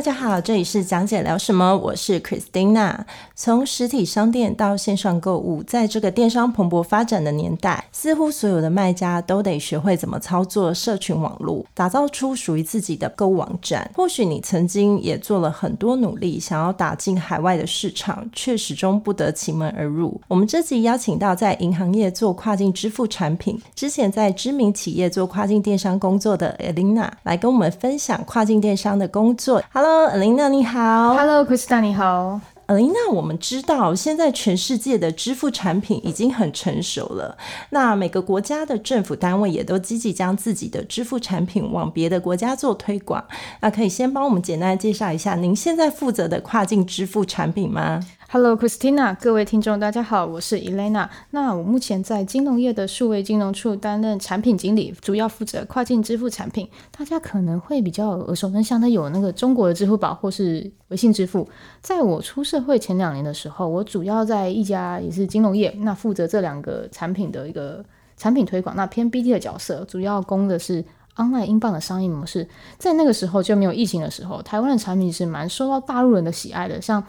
大家好，這裡是講姐聊什麼，我是 Christina。從實體商店到線上購物，在這個電商蓬勃發展的年代，似乎所有的賣家都得學會怎麼操作社群網絡，打造出屬於自己的購物網站。或許你曾經也做了很多努力，想要打進海外的市場，卻始終不得其門而入。我們這集邀請到在銀行業做跨境支付產品，之前在知名企業做跨境電商工作的 Elena，來跟我們分享跨境電商的工作。Hello。呃，Elena 你好，Hello，奎斯達你好，呃，Elena，我們知道現在全世界的支付產品已經很成熟了，那每個國家的政府單位也都積極將自己的支付產品往別的國家做推廣，那可以先幫我們簡單介紹一下您現在負責的跨境支付產品嗎？Hello, Christina，各位聽眾，大家好，我是 Elena。那我目前在金融業的數位金融處擔任產品經理，主要負責跨境支付產品。大家可能會比較耳熟能詳的有那個中國的支付寶或是微信支付。在我出社會前兩年的時候，我主要在一家也是金融業，那負責這兩個產品的一個產品推廣，那偏 BD 的角色，主要攻的是 online 英鎊的商業模式。在那個時候就沒有疫情的時候，台灣的產品是蠻受到大陸人的喜愛的，像。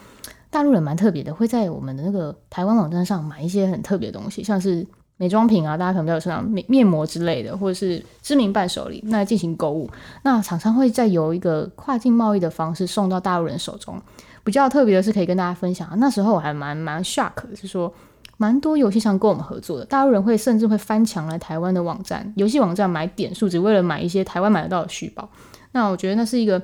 大陸人蠻特別的，會在我們的那個台灣網站上買一些很特別的東西，像是美妝品啊，大家可能都有身上面面膜之類的，或者是知名伴手禮，那進行購物，那廠商會再由一個跨境貿易的方式送到大陸人手中。比較特別的是，可以跟大家分享，那時候我還蠻蠻 shock 的，就是說蠻多遊戲商跟我們合作的，大陸人會甚至會翻牆來台灣的網站、遊戲網站買點數，只為了買一些台灣買得到的虛寶。那我覺得那是一個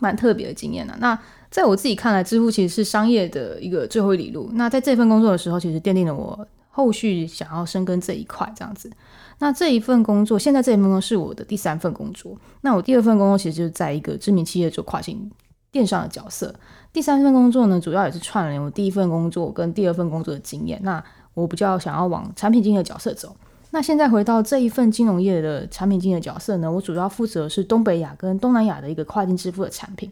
蠻特別的經驗啊。那在我自己看來，支付其實是商業的一個最後一里路。那在這份工作的時候，其實奠定了我後續想要深耕這一塊這樣子。那這一份工作，現在這一份工作是我的第三份工作。那我第二份工作其實就是在一個知名企業做跨境電商的角色。第三份工作呢，主要也是串聯我第一份工作跟第二份工作的經驗。那我比較想要往產品經理的角色走。那現在回到這一份金融業的產品經理的角色呢，我主要負責是東北亞跟東南亞的一個跨境支付的產品。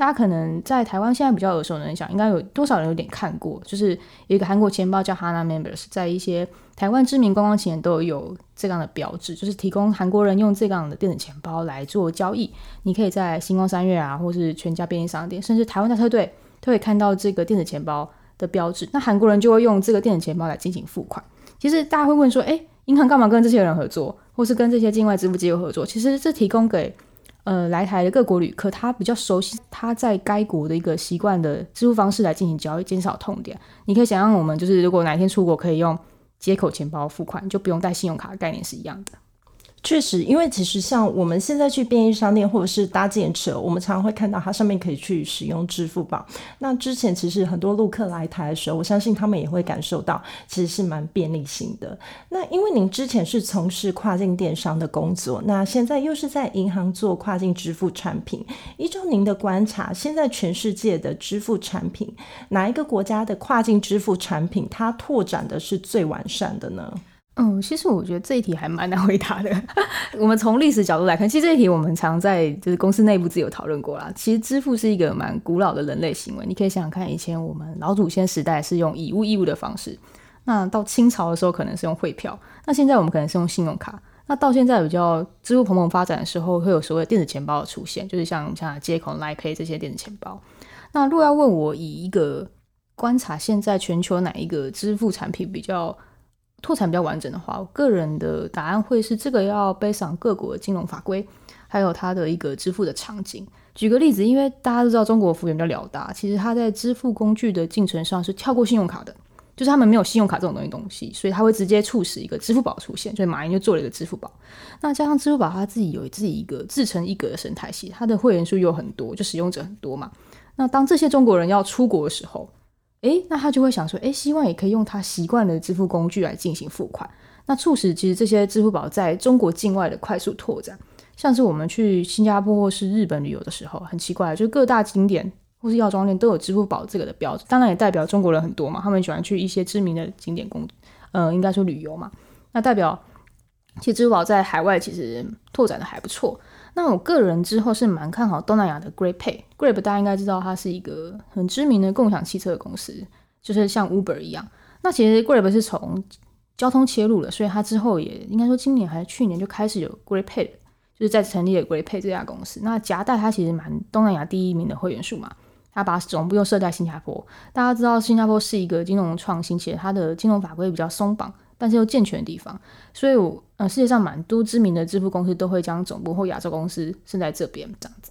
大家可能在台灣現在比較耳熟能詳，應該有多少人有點看過？就是有一個韓國錢包叫 Hana Members，在一些台灣知名觀光景點都有這樣的標誌，就是提供韓國人用這樣的電子錢包來做交易。你可以在新光三越啊，或是全家便利商店，甚至台灣大車隊都可以看到這個電子錢包的標誌。那韓國人就會用這個電子錢包來進行付款。其實大家會問說，誒、欸，銀行幹嘛跟這些人合作，或是跟這些境外支付機構合作？其實這提供給。呃，來台的各國旅客，他比較熟悉他在該國的一個習慣的支付方式來進行交易，減少痛點。你可以想象，我們就是如果哪天出國可以用接口錢包付款，就不用帶信用卡的概念是一樣的。確實，因為其實像我們現在去便利商店或者是搭電車，我們常常會看到它上面可以去使用支付寶。那之前其實很多陸客來台的時候，我相信他們也會感受到，其實是蠻便利性的。那因為您之前是從事跨境電商的工作，那現在又是在銀行做跨境支付產品，依照您的觀察，現在全世界的支付產品，哪一個國家的跨境支付產品它拓展的是最完善的呢？嗯，其實我覺得這一題還蠻難回答的。 我們從歷史角度來看，其實這一題我們常在就是公司內部自有討論過啦。其實支付是一個蠻古老的人類行為，你可以想想看，以前我們老祖先時代是用以物易物的方式，那到清朝的時候可能是用匯票，那現在我們可能是用信用卡，那到現在比較支付蓬勃發展的時候，會有所謂的電子錢包的出現，就是像像街口、Line Pay 這些電子錢包。那如果要問我以一個觀察，現在全球哪一個支付產品比較？拓展比較完整的話，我個人的答案會是這個要背上各國的金融法規，還有它的一個支付的場景。舉個例子，因為大家都知道中國幅員比較遼大，其實它在支付工具的進程上是跳過信用卡的，就是他們沒有信用卡這種東西東西，所以它會直接促使一個支付寶出現，所以馬雲就做了一個支付寶。那加上支付寶，它自己有自己一個自成一格的生態系，它的會員數有很多，就使用者很多嘛。那當這些中國人要出國的時候，誒，那他就會想說，誒，希望也可以用他習慣的支付工具來進行付款。那促使其實這些支付寶在中國境外的快速拓展，像是我們去新加坡或是日本旅遊的時候，很奇怪，就是各大景點或是藥妝店都有支付寶這個的標誌，當然也代表中國人很多嘛，他們喜歡去一些知名的景點工、呃，應該說旅遊嘛。那代表其實支付寶在海外其實拓展的還不錯。那我個人之後是蠻看好東南亞的 Grab。Grab 大家應該知道它是一個很知名的共享汽車的公司，就是像 Uber 一樣。那其實 Grab 是從交通切入了，所以它之後也應該說今年還是去年就開始有 Grab Pay，就是在成立了 Grab Pay 這家公司。那夾帶它其實蠻東南亞第一名的會員數嘛，它把他總部又設在新加坡。大家知道新加坡是一個金融創新，且它的金融法規比較鬆綁，但是又健全的地方，所以我。呃，世界上蠻多知名的支付公司都會將總部或亞洲公司設在這邊，這樣子。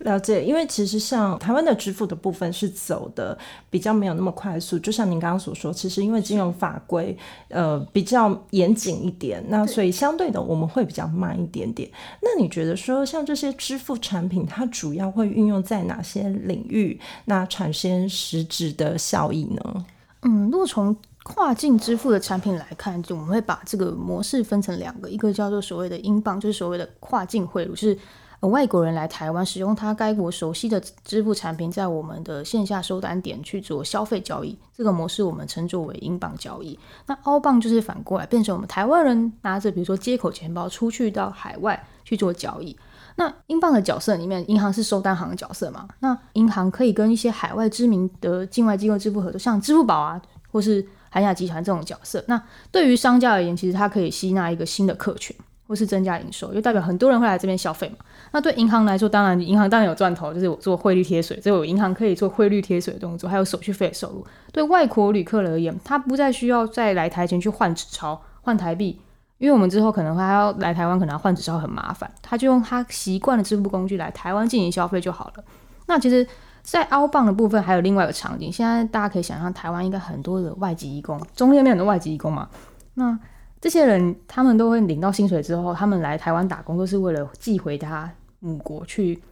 了解，因為其實像台灣的支付的部分是走的比較沒有那麼快速，就像您剛剛所說，其實因為金融法規是呃比較嚴謹一點，是那所以相對的我們會比較慢一點點。是那你覺得說像這些支付產品，它主要會運用在哪些領域？那產生實質的效益呢？嗯，如果從跨境支付的產品來看，就我們會把這個模式分成兩個，一個叫做所謂的 inbound，就是所謂的跨境匯入，就是外國人來台灣使用他該國熟悉的支付產品，在我們的線下收單點去做消費交易，這個模式我們稱作為 inbound 交易。那 outbound 就是反過來變成我們台灣人拿着，比如說街口錢包出去到海外去做交易。那 inbound 的角色裡面，銀行是收單行的角色嘛？那銀行可以跟一些海外知名的境外機構支付合作，像支付寶啊，或是。安亞集團這種角色，那對於商家而言，其實它可以吸納一個新的客群，或是增加營收，又代表很多人會來這邊消費嘛。那對銀行來說，當然銀行當然有賺頭，就是我做匯率貼水，所以我銀行可以做匯率貼水的動作，還有手續費的收入。對外國旅客而言，他不再需要再來台前去換紙鈔、換台幣，因為我們之後可能還要來台灣，可能要換紙鈔很麻煩，他就用他習慣的支付工具來台灣進行消費就好了。那其實。在凹棒的部分還有另外一個場景，現在大家可以想象台灣應該很多的外籍移工，中間那邊很多外籍移工嘛，那這些人他們都會領到薪水之後，他們來台灣打工都是為了寄回他母國去，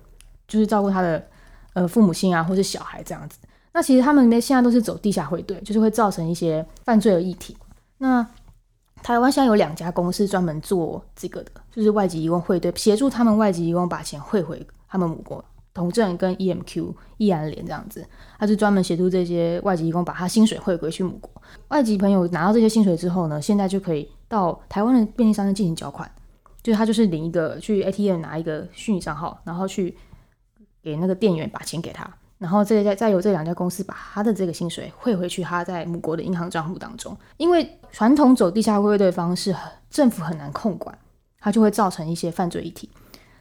就是照顧他的呃父母親啊，或是小孩這樣子。那其實他們現在都是走地下匯兌，就是會造成一些犯罪的議題。那台灣現在有兩家公司專門做這個的，就是外籍移工匯兌，協助他們外籍移工把錢匯回他們母國。同證跟 EMQ 易安聯這樣子，他是專門協助這些外籍移工把他薪水匯回去母國。外籍朋友拿到這些薪水之後呢，現在就可以到台灣的便利商店進行繳款。就他就是領一個去 ATM 拿一個虛擬賬號，然後去給那個店員把錢給他，然後這一家，再由這兩家公司把他的這個薪水匯回去他在母國的銀行賬戶當中。因為傳統走地下匯兌方式，政府很難控管，它就會造成一些犯罪議題。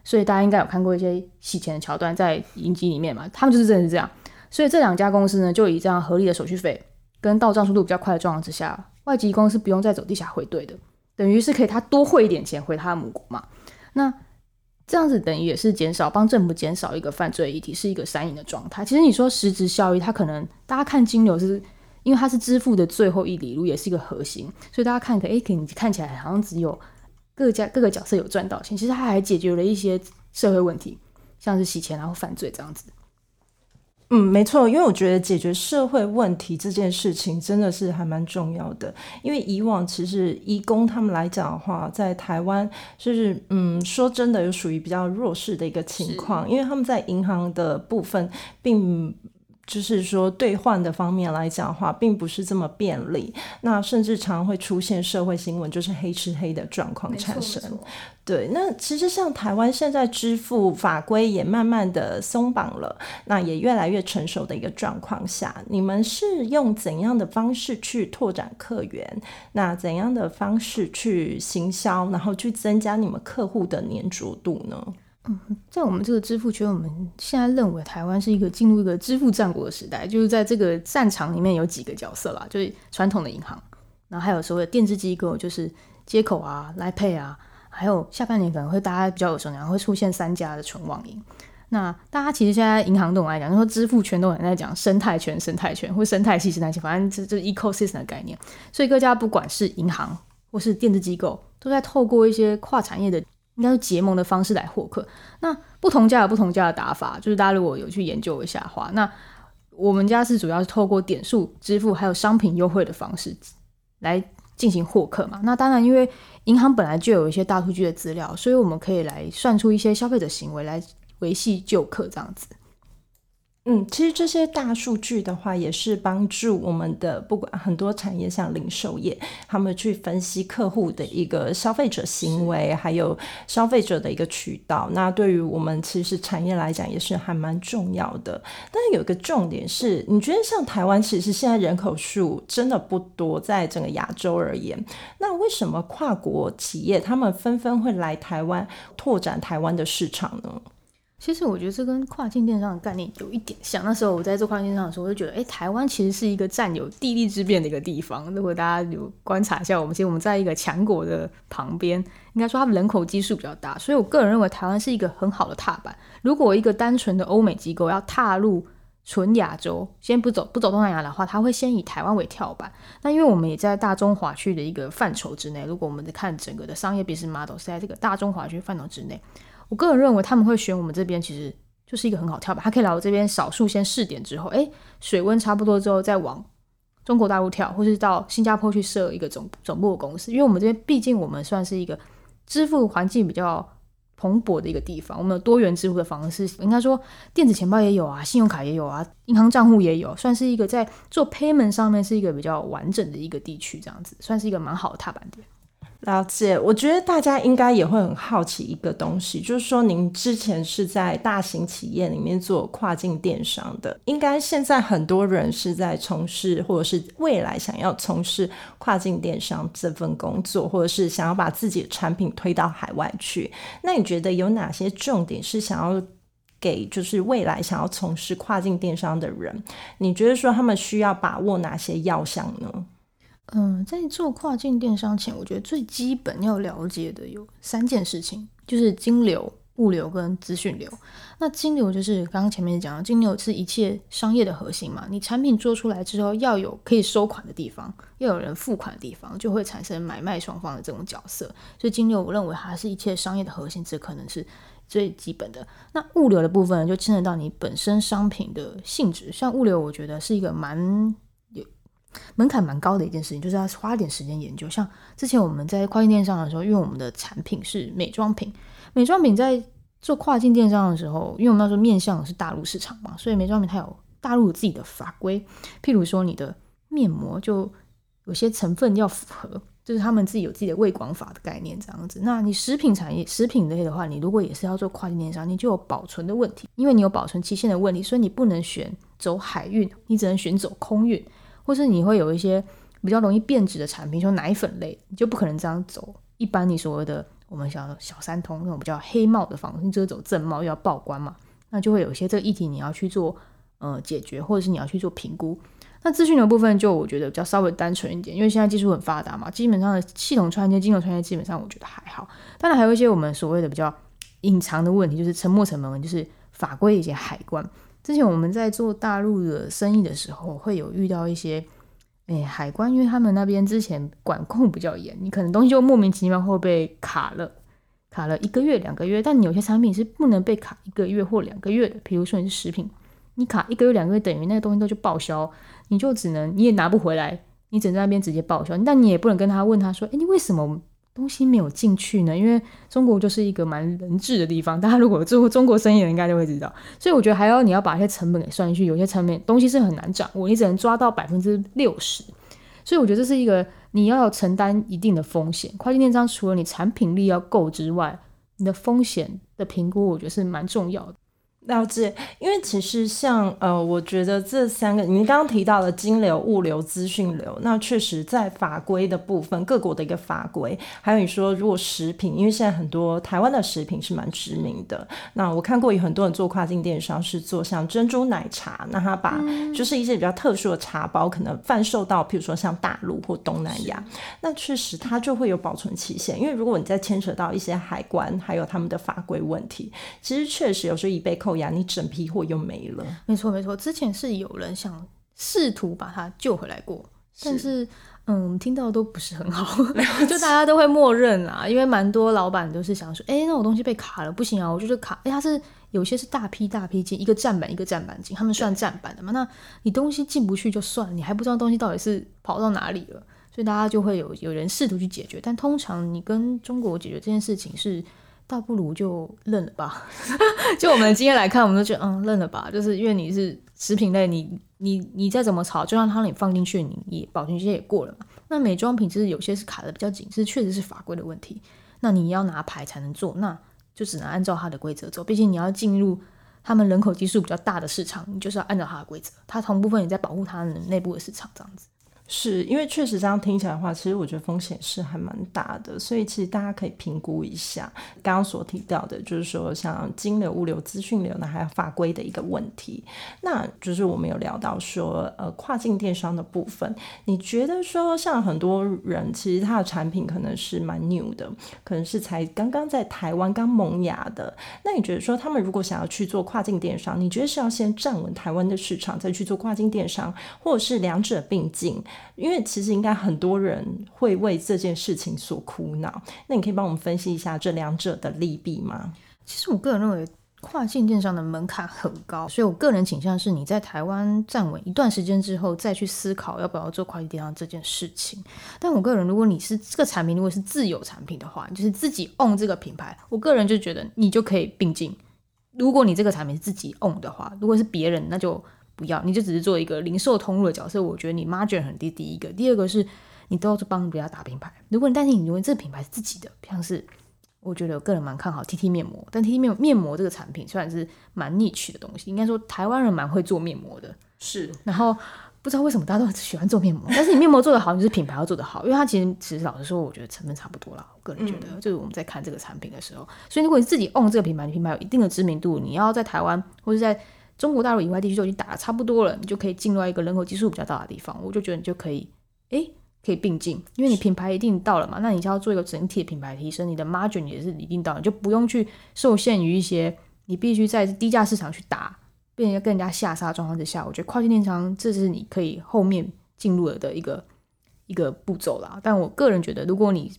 所以大家應該有看過一些洗錢的橋段在影集裡面嘛，他們就是真的是這樣。所以這兩家公司呢，就以這樣合理的手續費跟到賬速度比較快的狀況之下，外籍公司不用再走地下匯兌的，等於是可以他多匯一點錢回他母國嘛。那這樣子等於也是減少幫政府減少一個犯罪議題，是一個三贏的狀態。其實你說實質效益，它可能大家看金流是因為它是支付的最後一里路，也是一個核心，所以大家看一個，哎、欸，你看起來好像只有。各家各個角色有賺到錢，其實他還解決了一些社會問題，像是洗錢然後犯罪這樣子。嗯，沒錯，因為我覺得解決社會問題這件事情真的是還蠻重要的。因為以往其實移工他們來講的話，在台灣就是嗯，說真的有屬於比較弱勢的一個情況，是因為他們在銀行的部分並就是說，兌換的方面來講的話，並不是這麼便利。那甚至常常會出現社會新聞，就是黑吃黑的狀況產生。沒錯，對，那其實像台灣現在支付法規也慢慢的鬆綁了，那也越來越成熟的一個狀況下，你們是用怎樣的方式去拓展客源？那怎樣的方式去行銷，然後去增加你們客戶的粘着度呢？嗯，在我們這個支付圈，我們現在認為台灣是一個進入一個支付戰國的時代，就是在這個戰場裡面有幾個角色啦，就是傳統的銀行，然後還有所謂的電子機構，就是街口啊、Line Pay 啊，還有下半年可能會大家比較有然後會出現三家的純網銀。那大家其實現在銀行對我來講，就說支付圈都來講，都還在講生態圈、生態圈或生態系、生態系，反正這這 ecosystem 的概念。所以各家不管是銀行或是電子機構，都在透過一些跨產業的。應該是結盟的方式來獲客，那不同家有不同家的打法，就是大家如果有去研究一下的話，那我們家是主要是透過點數支付還有商品優惠的方式來進行獲客嘛。那當然，因為銀行本來就有一些大數據的資料，所以我們可以來算出一些消費者行為來維繫舊客這樣子。嗯，其實這些大數據的話，也是幫助我們的不管很多產業，像零售業，他們去分析客戶的一個消費者行為，是還有消費者的一個渠道。那對於我們其實產業來講，也是還蠻重要的。但是有一個重點是，你覺得像台灣，其實現在人口數真的不多，在整個亞洲而言，那為什麼跨國企業他們紛紛會來台灣拓展台灣的市場呢？其實我覺得這跟跨境電商的概念有一點像。那時候我在做跨境電商的時候，我就覺得，哎、欸，台灣其實是一個佔有地利之便的一個地方。如果大家有觀察一下，我們其實我們在一個強國的旁邊，應該說它的人口基數比較大。所以我個人認為，台灣是一個很好的踏板。如果一個單純的歐美機構要踏入純亞洲，先不走不走東南亞的話，他會先以台灣為跳板。那因為我們也在大中華區的一個範疇之內。如果我們看整個的商業 business model 是在這個大中華區範疇之內。我個人認為他們會選我們這邊，其實就是一個很好跳板。他可以來我這邊少數先試點之後，哎，水溫差不多之後再往中國大陸跳，或是到新加坡去設一個總總部的公司。因為我們這邊畢竟我們算是一個支付環境比較蓬勃的一個地方，我們有多元支付的方式，應該說電子錢包也有啊，信用卡也有啊，銀行賬戶也有，算是一個在做 payment 上面是一個比較完整的一個地區，這樣子算是一個蠻好的踏板點。了解，我覺得大家應該也會很好奇一個東西，就是說您之前是在大型企業裡面做跨境電商的，應該現在很多人是在從事或者是未來想要從事跨境電商這份工作，或者是想要把自己的產品推到海外去。那你覺得有哪些重點是想要給就是未來想要從事跨境電商的人？你覺得說他們需要把握哪些要項呢？嗯，在做跨境電商前，我覺得最基本要了解的有三件事情，就是金流、物流跟資訊流。那金流就是剛剛前面講的，金流是一切商業的核心嘛。你產品做出來之後，要有可以收款的地方，要有人付款的地方，就會產生買賣雙方的這種角色。所以金流，我認為它是一切商業的核心，這可能是最基本的。那物流的部分就牽扯到你本身商品的性質，像物流，我覺得是一個蠻。門檻蠻高的一件事情，就是要花點時間研究。像之前我們在跨境電商的時候，因為我們的產品是美妝品，美妝品在做跨境電商的時候，因為我們那時候面向的是大陸市場嘛，所以美妝品它有大陸有自己的法規，譬如說你的面膜就有些成分要符合，就是他們自己有自己的衛廣法的概念這樣子。那你食品產業、食品類的話，你如果也是要做跨境電商，你就有保存的問題，因為你有保存期限的問題，所以你不能選走海運，你只能選走空運。或是你會有一些比較容易變質的產品，就奶粉類，你就不可能這樣走。一般你所謂的我們小小三通那種比較黑帽的方式，你就走正帽，又要報關嘛，那就會有一些這個議題你要去做呃解決，或者是你要去做評估。那資訊流部分就我覺得比較稍微單純一點，因為現在技術很發達嘛，基本上的系統串接、金融串接基本上我覺得還好。當然還有一些我們所謂的比較隱藏的問題，就是沉沒成本，就是法規一些海關。之前我們在做大陸的生意的時候，會有遇到一些，欸、海關，因為他們那邊之前管控比較嚴，你可能東西就莫名其妙會被卡了，卡了一個月、兩個月。但有些產品是不能被卡一個月或兩個月的，比如說你是食品，你卡一個月、兩個月，等於那個東西都就報銷，你就只能你也拿不回來，你只能在那邊直接報銷。但你也不能跟他問他說，哎、欸，你為什麼？東西沒有進去呢，因為中國就是一個蠻人治的地方。大家如果做中國生意的人，應該就會知道。所以我覺得還要你要把一些成本給算進去，有些成本東西是很難掌握，你只能抓到百分之六十。所以我覺得這是一個你要要承擔一定的風險。跨境電商除了你產品力要夠之外，你的風險的評估，我覺得是蠻重要的。了解，因為其實像呃，我覺得這三個你剛剛提到的金流、物流、資訊流，那確實在法規的部分，各國的一個法規，還有你說如果食品，因為現在很多台灣的食品是蠻知名的，那我看過有很多人做跨境電商是做像珍珠奶茶，那他把就是一些比較特殊的茶包可能販售到，譬如說像大陸或東南亞，是那確實它就會有保存期限，因為如果你再牽扯到一些海關還有他們的法規問題，其實確實有時候一被扣，呀，你整批貨又沒了沒。沒錯，沒錯，之前是有人想試圖把它救回來過，是但是，嗯，聽到都不是很好，就大家都會默認啊，因為蠻多老闆都是想說，哎、欸，那種東西被卡了，不行啊，我就是卡，哎、欸，它是有些是大批大批進，一個站板一個站板進，他們算站板的嘛，對那你東西進不去就算，你還不知道東西到底是跑到哪裡了，所以大家就會有有人試圖去解決，但通常你跟中國解決這件事情是。倒不如就認了吧。 就我們今天來看，我們都覺得，嗯，認了吧。就是因為你是食品類，你你你再怎麼炒，就算它讓你放進去，你也保存期也過了嘛。那美妝品其實有些是卡的比較緊，是確實是法規的問題。那你要拿牌才能做，那就只能按照它的規則做。畢竟你要進入他們人口基數比較大的市場，你就是要按照它的規則。它同部分也在保護它內部的市場，這樣子。是，因為確實這樣聽起來的話，其實我覺得風險是還蠻大的，所以其實大家可以評估一下剛剛所提到的，就是說像金流、物流、資訊流呢，還有法規的一個問題。那就是我們有聊到說，呃，跨境電商的部分，你覺得說像很多人其實他的產品可能是蠻 new 的，可能是才剛剛在台灣剛萌芽的。那你覺得說他們如果想要去做跨境電商，你覺得是要先站穩台灣的市場，再去做跨境電商，或者是兩者並進？因為其實應該很多人會為這件事情所苦惱，那你可以幫我們分析一下這兩者的利弊嗎？其實我個人認為，跨境電商的門檻很高，所以我個人傾向是你在台灣站穩一段時間之後，再去思考要不要做跨境電商這件事情。但我個人，如果你是這個產品，如果是自有產品的話，就是自己 own 這個品牌，我個人就覺得你就可以並進。如果你這個產品自己 own 的話，如果是別人，那就。不要，你就只是做一個零售通路的角色。我覺得你 margin 很低。第一個，第二個是，你都要去幫人家打品牌。如果你擔心你如果你這個品牌是自己的，像是，我覺得我個人蠻看好 T T 面膜。但 T T 面膜這個產品雖然是蠻 niche 的東西，應該說台灣人蠻會做面膜的。是。然後不知道為什麼大家都喜歡做面膜，但是你面膜做得好， 你是品牌要做得好，因為它其實其實老實說，我覺得成分差不多啦。我個人覺得，嗯、就是我們在看這個產品的時候，所以如果你自己 own 這個品牌，你品牌有一定的知名度，你要在台灣或者在，中國大陸以外地區就已經打的差不多了，你就可以進入一個人口基數比較大的地方，我就覺得你就可以，誒，可以並進，因為你品牌一定到了嘛，那你就要做一個整體的品牌提升，你的 margin 也是一定到，你就不用去受限於一些你必須在低價市場去打，變得更加下殺的狀況之下，我覺得跨境電商這是你可以後面進入了的一個一個步驟啦。但我個人覺得，如果你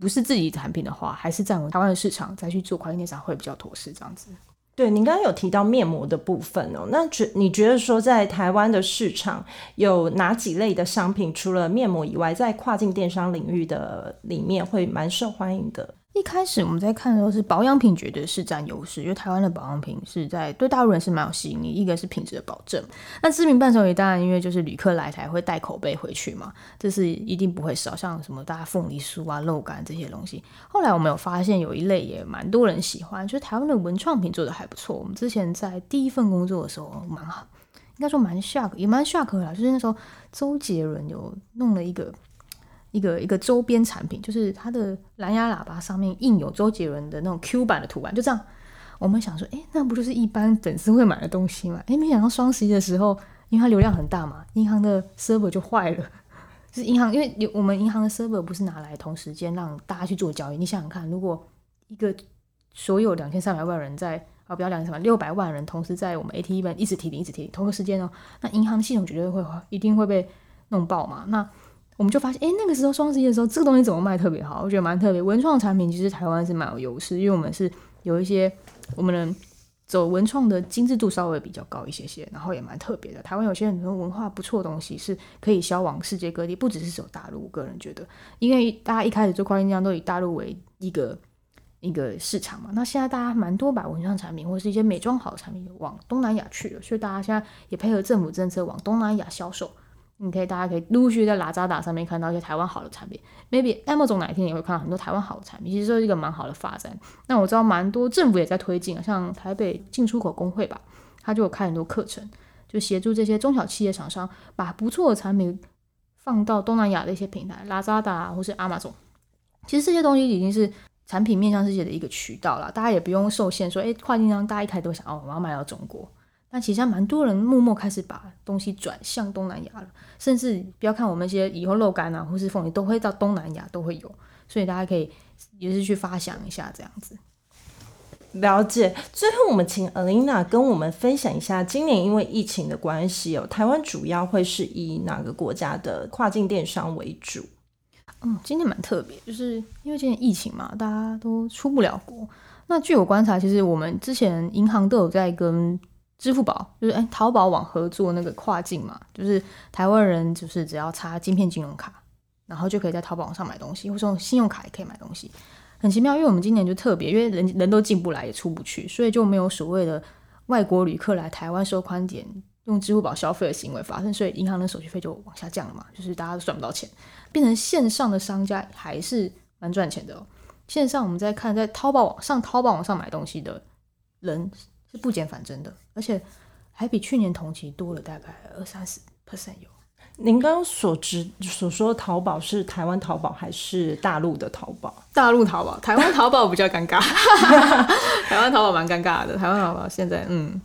不是自己的產品的話，還是站穩台灣的市場再去做跨境電商會比較妥適，這樣子。對，你剛剛有提到面膜的部分哦，那覺你覺得說在台灣的市場有哪幾類的商品，除了面膜以外，在跨境電商領域的裡面會蠻受歡迎的？一開始我們在看的時候是保養品絕對是占優勢，因為台灣的保養品是在對大陸人是蠻有吸引力。一個是品質的保證，那知名伴手禮當然因為就是旅客來台會帶口碑回去嘛，這是一定不會少。像什麼大家鳳梨酥啊、肉乾這些東西。後來我們有發現有一類也蠻多人喜歡，就是台灣的文創品做的還不錯。我們之前在第一份工作的時候蠻好，應該說蠻 shock 也蠻 shock 啦，就是那時候周杰倫有弄了一個。一個一個周邊產品，就是它的藍牙喇叭上面印有周杰倫的那種 Q 版的圖案，就這樣。我們想說，哎，那不就是一般粉絲會買的東西嘛？哎，沒想到雙十一的時候，因為它流量很大嘛，銀行的 server 就壞了。是銀行，因為我們銀行的 server 不是拿來同時間讓大家去做交易。你想想看，如果一個所有兩千三百萬人在啊，不要兩千三百萬，六百萬人同時在我們 ATM 一直提，一直提，一直提，同一個時間呢、哦，那銀行系統絕對會一定會被弄爆嘛？那我們就發現，哎，那個時候雙十一的時候，這個東西怎麼賣特別好？我覺得蠻特別。文創產品其實台灣是蠻有優勢，因為我們是有一些我們的走文創的精緻度稍微比較高一些些，然後也蠻特別的。台灣有些很多文化不錯的東西是可以銷往世界各地，不只是走大陸。我個人覺得，因為大家一開始做跨境電商都以大陸為一個一個市場嘛，那現在大家蠻多把文創產品或者是一些美妝好的產品往東南亞去了，所以大家現在也配合政府政策往東南亞銷售。你可以，大家可以陸續在拉扎達上面看到一些台灣好的產品。Maybe Amazon 哪一天也會看到很多台灣好的產品，其實這是一個蠻好的發展。那我知道蠻多政府也在推進，像台北進出口工會吧，他就有開很多課程，就協助這些中小企業廠商把不錯的產品放到東南亞的一些平台，拉扎達或是 Amazon。其實這些東西已經是產品面向世界的一個渠道了，大家也不用受限說，哎、欸，跨境電商大家一開都想，哦，我要賣到中國。那其實蠻多人默默開始把東西轉向東南亞了，甚至不要看我們一些以後肉乾啊，或是鳳梨都會到東南亞都會有，所以大家可以也是去發想一下這樣子。了解。最後，我們請 Elena 跟我們分享一下，今年因為疫情的關係，哦，台灣主要會是以哪個國家的跨境電商為主？嗯，今年蠻特別，就是因為今年疫情嘛，大家都出不了國。那據我觀察，其實我們之前銀行都有在跟。支付寶就是誒、欸，淘寶網合作那個跨境嘛，就是台灣人就是只要插晶片金融卡，然後就可以在淘寶網上買東西，或者用信用卡也可以買東西，很奇妙。因為我們今年就特別，因為人人都進不來也出不去，所以就沒有所謂的外國旅客來台灣收寬點用支付寶消費的行為發生，所以銀行的手續費就往下降了嘛，就是大家都賺不到錢，變成線上的商家還是蠻賺錢的，哦。線上我們再看在淘寶網上，淘寶網上買東西的人。不減反增的，而且還比去年同期多了大概二三十 percent 有。您剛剛所指所說的淘寶是台灣淘寶還是大陸的淘寶？大陸淘寶，台灣淘寶比較尷尬。 台灣淘寶蠻尷尬的，台灣淘寶現在嗯。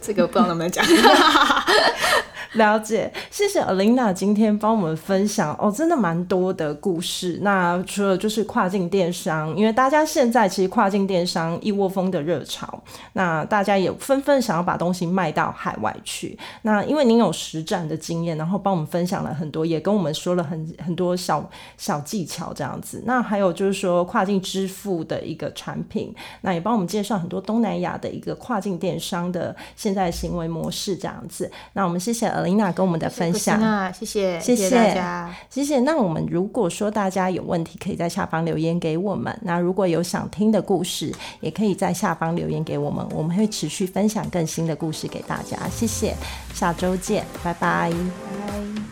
這個我不知道能不能講， 了解，謝謝 Elena 今天幫我們分享哦，真的蠻多的故事。那除了就是跨境電商，因為大家現在其實跨境電商一窩蜂的熱潮，那大家也紛紛想要把東西賣到海外去。那因為您有實戰的經驗，然後幫我們分享了很多，也跟我們說了很很多小小技巧這樣子。那還有就是說跨境支付的一個產品，那也幫我們介紹很多東南亞的一個跨境電商的。現在的行為模式這樣子，那我們謝謝 Elena 跟我們的分享，謝謝，謝謝，謝謝謝謝，謝謝。那我們如果說大家有問題，可以在下方留言給我們。那如果有想聽的故事，也可以在下方留言給我們，我們會持續分享更新的故事給大家。謝謝，下周見，拜拜。拜拜